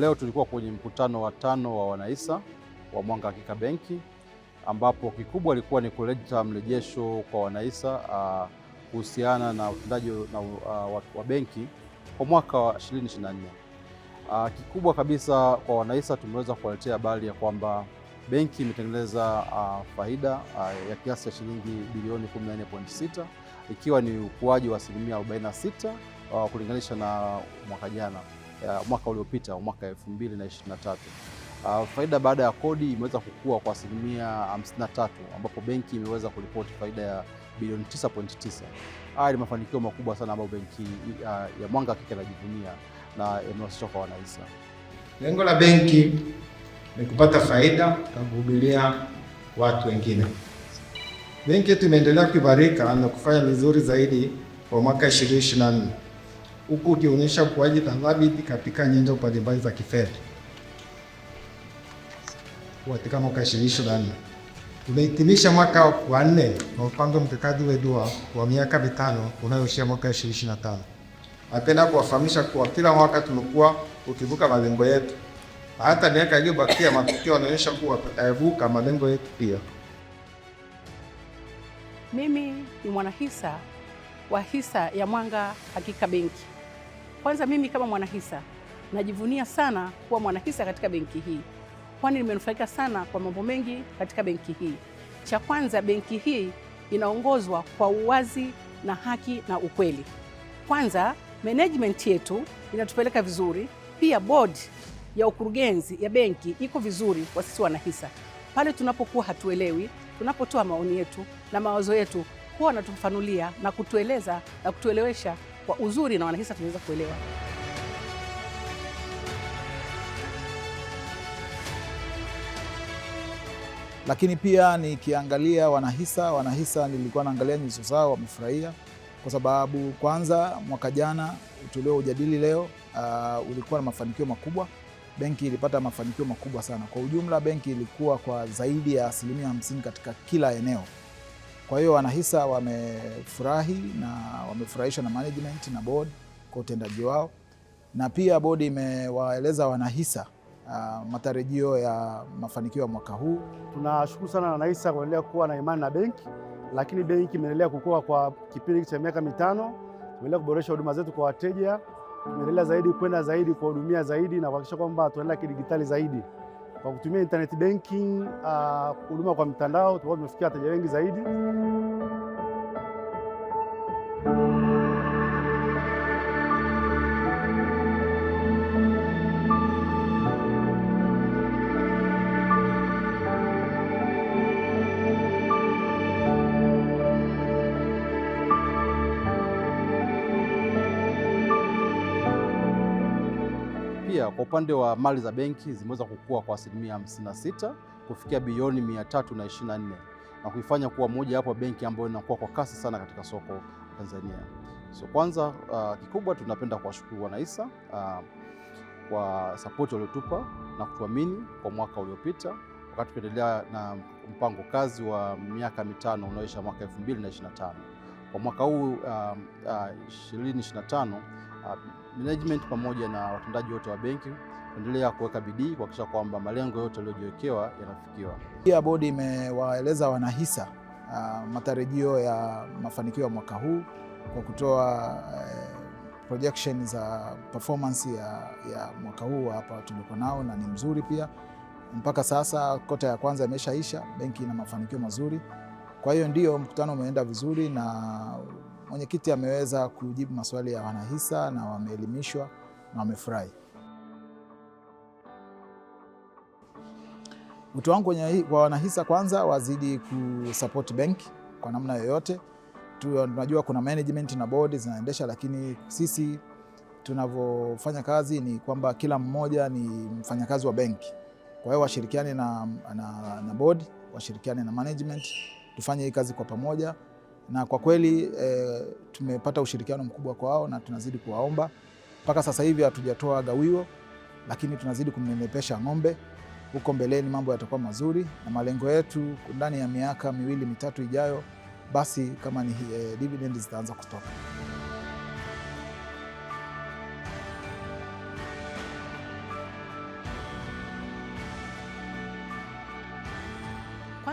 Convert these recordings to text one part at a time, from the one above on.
Leo tulikuwa kwenye mkutano wa tano wa wanaisa wa Mwanga Hakika Benki ambapo kikubwa ilikuwa ni kuleta mrejesho kwa wanaisa ah, kuhusiana na utendaji ah, wa benki kwa mwaka wa 2024. Uh, ah, kikubwa kabisa kwa wanaisa tumeweza kuwaletea habari ya kwamba benki imetengeneza uh, faida uh, ya kiasi cha shilingi bilioni 14.6 ikiwa ni ukuaji wa asilimia 46 uh, kulinganisha na mwaka jana ya mwaka uliopita wa mwaka 2023. Uh, ah, faida baada ya kodi imeweza kukua kwa asilimia 53 ambapo benki imeweza kuripoti faida ya bilioni 9.9. Haya ni mafanikio makubwa sana ambayo benki uh, ya Mwanga Hakika inajivunia na yamewasishwa kwa wanahisa. Lengo la benki ni kupata faida na kuhubilia watu wengine. Benki yetu imeendelea kuimarika na kufanya vizuri zaidi kwa mwaka 2024 huku ukionyesha ukuaji thabiti katika nyanja mbalimbali za kifedha. Katika mwaka 2024 tumehitimisha mwaka wa nne wa mpango mkakati wa wa miaka mitano unayoishia mwaka 2025. Napenda kuwafahamisha kuwa kila mwaka tumekuwa ukivuka malengo yetu, hata miaka iliyobakia matukio yanaonyesha kuwa tutayavuka malengo yetu pia. Mimi ni mwanahisa wa hisa ya Mwanga Hakika Benki. Kwanza mimi kama mwanahisa najivunia sana kuwa mwanahisa katika benki hii, kwani nimenufaika sana kwa mambo mengi katika benki hii. Cha kwanza, benki hii inaongozwa kwa uwazi na haki na ukweli. Kwanza, management yetu inatupeleka vizuri, pia board ya ukurugenzi ya benki iko vizuri kwa sisi wanahisa. Pale tunapokuwa hatuelewi, tunapotoa maoni yetu na mawazo yetu, huwa wanatufafanulia na kutueleza na kutuelewesha kwa uzuri na wanahisa tunaweza kuelewa. Lakini pia nikiangalia wanahisa, wanahisa nilikuwa naangalia nyuso zao, wamefurahia kwa sababu kwanza mwaka jana tulio ujadili leo uh, ulikuwa na mafanikio makubwa. Benki ilipata mafanikio makubwa sana kwa ujumla. Benki ilikuwa kwa zaidi ya asilimia hamsini katika kila eneo. Kwa hiyo wanahisa wamefurahi na wamefurahishwa na management na board kwa utendaji wao, na pia bodi imewaeleza wanahisa uh, matarajio ya mafanikio ya mwaka huu. Tunashukuru sana wanahisa kuendelea kuwa na imani na benki, lakini benki imeendelea kukua kwa kipindi cha miaka mitano. Tumeendelea kuboresha huduma zetu kwa wateja, tumeendelea zaidi kwenda zaidi kuwahudumia zaidi na kuhakikisha kwamba tunaenda kidigitali zaidi. Kwa kutumia internet banking, ah, huduma uh, kwa mtandao, tulikuwa tumefikia wateja wengi zaidi. pia kwa upande wa mali za benki zimeweza kukua kwa asilimia 56 kufikia bilioni 324 na kuifanya kuwa moja hapo benki ambayo inakuwa kwa kasi sana katika soko Tanzania. So kwanza uh, kikubwa tunapenda kuwashukuru wanaisa uh, kwa sapoti waliotupa na kutuamini kwa mwaka uliopita wakati tukiendelea na mpango kazi wa miaka mitano unaoisha mwaka 2025. Kwa mwaka huu uh, uh, 2025 uh, management pamoja na watendaji wote wa benki endelea kuweka bidii kuhakikisha kwamba malengo yote yaliyojiwekewa yanafikiwa. Pia bodi imewaeleza wanahisa uh, matarajio ya mafanikio ya mwaka huu kwa kutoa uh, projection za performance ya, ya mwaka huu hapa tuliko nao na ni mzuri pia. Mpaka sasa kota ya kwanza imeshaisha, benki ina mafanikio mazuri. Kwa hiyo ndio mkutano umeenda vizuri na Mwenyekiti ameweza kujibu maswali ya wanahisa na wameelimishwa na wamefurahi. Wito wangu kwa wanahisa, kwanza wazidi kusupport benki kwa namna yoyote. Tunajua kuna management na board zinaendesha, lakini sisi tunavyofanya kazi ni kwamba kila mmoja ni mfanyakazi wa benki. Kwa hiyo washirikiane na, na, na board washirikiane na management, tufanye hii kazi kwa pamoja na kwa kweli e, tumepata ushirikiano mkubwa kwao na tunazidi kuwaomba. Mpaka sasa hivi hatujatoa gawio, lakini tunazidi kumnenepesha ng'ombe. Huko mbeleni mambo yatakuwa mazuri, na malengo yetu ndani ya miaka miwili mitatu ijayo, basi kama ni e, dividend zitaanza kutoka.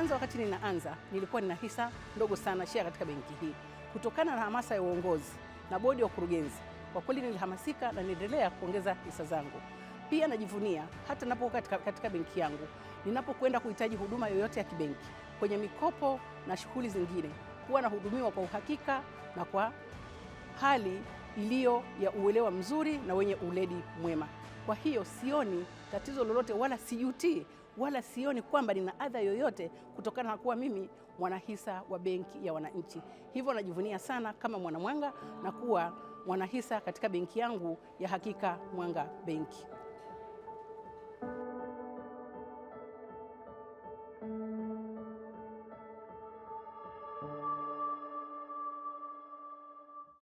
kwanza wakati ninaanza nilikuwa nina hisa ndogo sana share katika benki hii. Kutokana na hamasa ya uongozi na bodi ya ukurugenzi, kwa kweli nilihamasika na niendelea kuongeza hisa zangu. Pia najivunia hata ninapokuwa katika, katika benki yangu, ninapokwenda kuhitaji huduma yoyote ya kibenki kwenye mikopo na shughuli zingine, kuwa nahudumiwa kwa uhakika na kwa hali iliyo ya uelewa mzuri na wenye uledi mwema. Kwa hiyo sioni tatizo lolote wala sijutii wala sioni kwamba nina adha yoyote kutokana na kuwa mimi mwanahisa wa benki ya wananchi. Hivyo najivunia sana kama mwanamwanga na kuwa mwanahisa katika benki yangu ya Hakika Mwanga Benki.